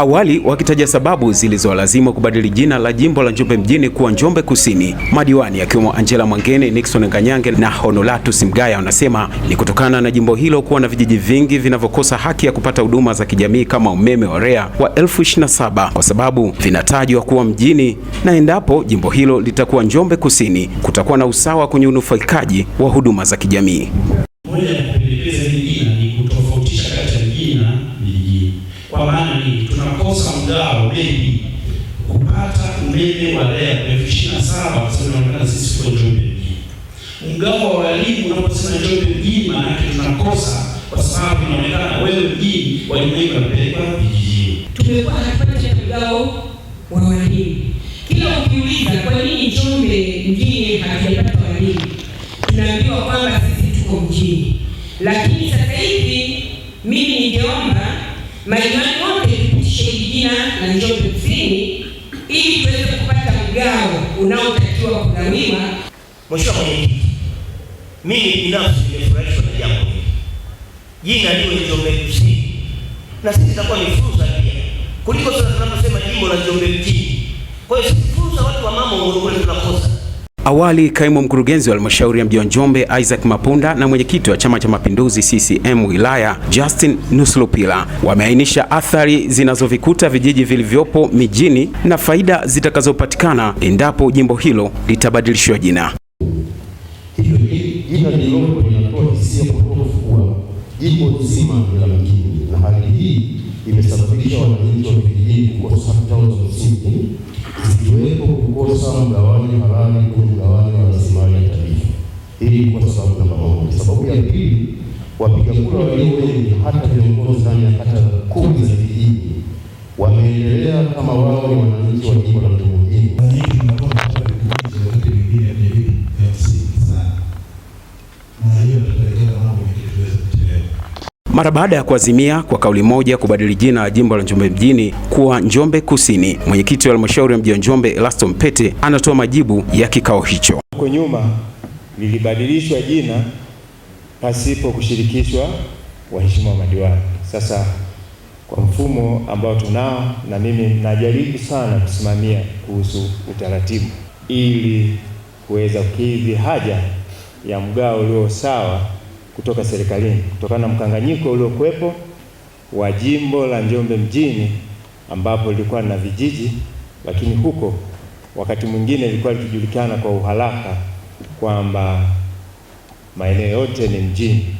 awali wakitaja sababu zilizowalazimu kubadili jina la jimbo la Njombe mjini kuwa Njombe Kusini. Madiwani akiwemo Angela Mwangeni, Nixon Nganyange na Honolatus Mgaya wanasema ni kutokana na jimbo hilo kuwa na vijiji vingi vinavyokosa haki ya kupata huduma za kijamii kama umeme wa REA wa elfu ishirini na saba kwa sababu vinatajwa kuwa mjini, na endapo jimbo hilo litakuwa Njombe Kusini kutakuwa na usawa kwenye unufaikaji wa huduma za kijamii. Moja ya kupendekeza hili jina ni kutofautisha kati ya jina kwa maana ni Tunakosa mgao umeme, kupata umeme wa lea elfu ishirini na saba tunaonekana sisi kwa Njombe mjini. Mgao wa walimu unaposema Njombe mjini, maana yake tunakosa, kwa sababu inaonekana wewe mjini, walimu wengi wanapelekwa vijijini. Tumekuwa cha mgao wa walimu. Kila ukiuliza kwa nini Njombe mjini hatujapata walimu, tunaambiwa kwamba sisi tuko mjini, lakini sasa hivi mimi ningeomba madiwani wote tupitishe jina la Njombe Kusini ili tuweze kupata mgao unaotakiwa kugawiwa. Mheshimiwa Mwenyekiti, mimi binafsi nimefurahishwa na jambo hili, jina liwe Njombe Kusini na sisi tutakuwa ni fursa pia kuliko tunaposema jimbo la Njombe Mjini. Kwa hiyo fursa watu wa mama Morogoro tunakosa Awali kaimu mkurugenzi wa halmashauri ya mji wa Njombe Isaac Mapunda na mwenyekiti wa Chama cha Mapinduzi CCM wilaya Justin Nuslupila wameainisha athari zinazovikuta vijiji vilivyopo mijini na faida zitakazopatikana endapo jimbo hilo litabadilishwa jina. Hivyo jina lililopo linatoa hisia potofu kuwa jimbo zima la mjini, na hali hii imesababisha wananchi wa vijijini kukosa za msingi zikiwepo kukosa mgawanyo halali wapiga kura walio wengi, hata viongozi ndani ya kata kumi za vijiji wameendelea kama wao ni wananchi wa jimbo la Mara baada ya kuazimia kwa kauli moja kubadili jina la jimbo la Njombe mjini kuwa Njombe Kusini, mwenyekiti wa halmashauri ya mji wa Njombe elasto Mpete anatoa majibu ya kikao hicho. Huko nyuma lilibadilishwa jina pasipo kushirikishwa waheshimiwa madiwani. Sasa kwa mfumo ambao tunao, na mimi najaribu sana kusimamia kuhusu utaratibu ili kuweza kukidhi haja ya mgao ulio sawa kutoka serikalini, kutokana na mkanganyiko uliokuwepo wa jimbo la Njombe mjini ambapo lilikuwa na vijiji, lakini huko wakati mwingine ilikuwa likijulikana kwa uharaka kwamba maeneo yote ni mjini.